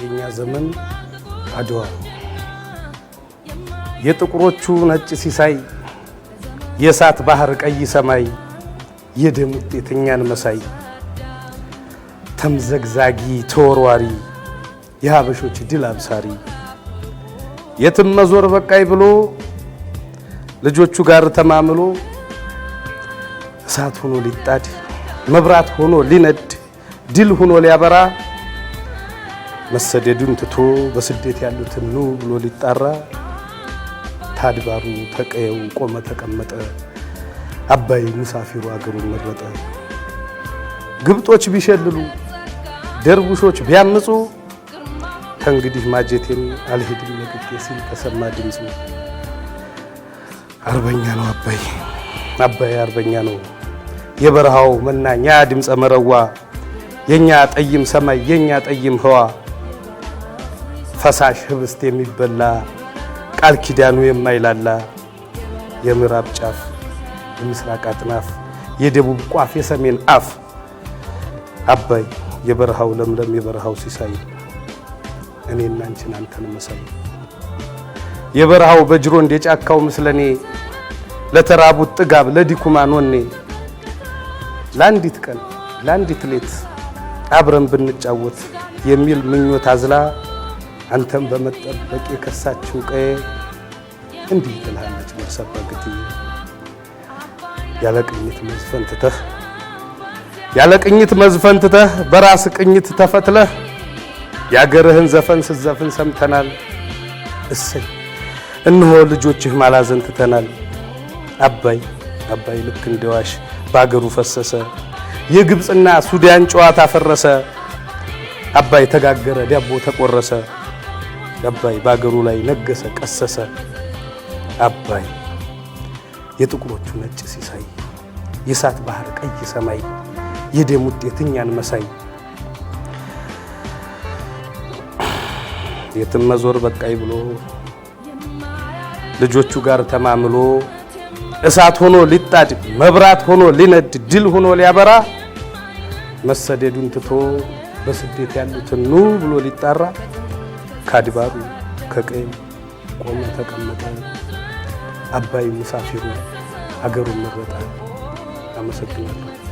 የእኛ ዘመን አድዋ ነው። የጥቁሮቹ ነጭ ሲሳይ፣ የእሳት ባህር ቀይ ሰማይ፣ የደም ውጤት እኛን መሳይ፣ ተምዘግዛጊ ተወርዋሪ፣ የሀበሾች ድል አብሳሪ፣ የትም መዞር በቃይ ብሎ ልጆቹ ጋር ተማምሎ እሳት ሆኖ ሊጣድ መብራት ሆኖ ሊነድ ድል ሆኖ ሊያበራ መሰደዱን ትቶ በስደት ያሉትን ኑ ብሎ ሊጣራ ታድባሩ ተቀየው ቆመ ተቀመጠ አባይ ሙሳፊሩ አገሩን መረጠ። ግብጦች ቢሸልሉ ደርቡሾች ቢያምፁ ከእንግዲህ ማጀቴን አልሄድም ለቅቄ ሲል ተሰማ ድምፁ። አርበኛ ነው አባይ አባይ አርበኛ ነው የበረሃው መናኛ ድምፀ መረዋ የኛ ጠይም ሰማይ የኛ ጠይም ህዋ ፈሳሽ ህብስት የሚበላ ቃል ኪዳኑ የማይላላ የምዕራብ ጫፍ የምስራቅ አጥናፍ የደቡብ ቋፍ የሰሜን አፍ አባይ የበረሃው ለምለም የበረሃው ሲሳይ እኔ እናንችን አንተን መሰሉ የበረሃው በጅሮንድ የጫካው ምስለኔ ለተራቡት ጥጋብ ለዲኩማን ወኔ ለአንዲት ቀን ለአንዲት ሌት አብረን ብንጫወት የሚል ምኞት አዝላ አንተም በመጠበቅ የከሳችው ቀዬ እንዲህ ትልሃለች መርሰባ ያለ ቅኝት መዝፈን ትተህ ያለ ቅኝት መዝፈን ትተህ በራስ ቅኝት ተፈትለህ የአገርህን ዘፈን ስትዘፍን ሰምተናል። እሰይ እንሆ ልጆችህ ማላዘን ትተናል። አባይ አባይ ልክ እንደዋሽ በአገሩ ፈሰሰ የግብፅና ሱዳን ጨዋታ ፈረሰ። አባይ ተጋገረ፣ ዳቦ ተቆረሰ። አባይ በአገሩ ላይ ነገሰ፣ ቀሰሰ። አባይ የጥቁሮቹ ነጭ ሲሳይ፣ የእሳት ባህር ቀይ ሰማይ፣ የደም ውጤት እኛን መሳይ። የትም መዞር በቃይ ብሎ ልጆቹ ጋር ተማምሎ እሳት ሆኖ ሊጣድ መብራት ሆኖ ሊነድ ድል ሆኖ ሊያበራ መሰደዱን ትቶ በስደት ያሉትን ኑ ብሎ ሊጣራ ከአድባሩ ከቀይም ቆመ ተቀመጠ። አባይ ሙሳፊሩ አገሩን መረጣ አመሰግናለሁ።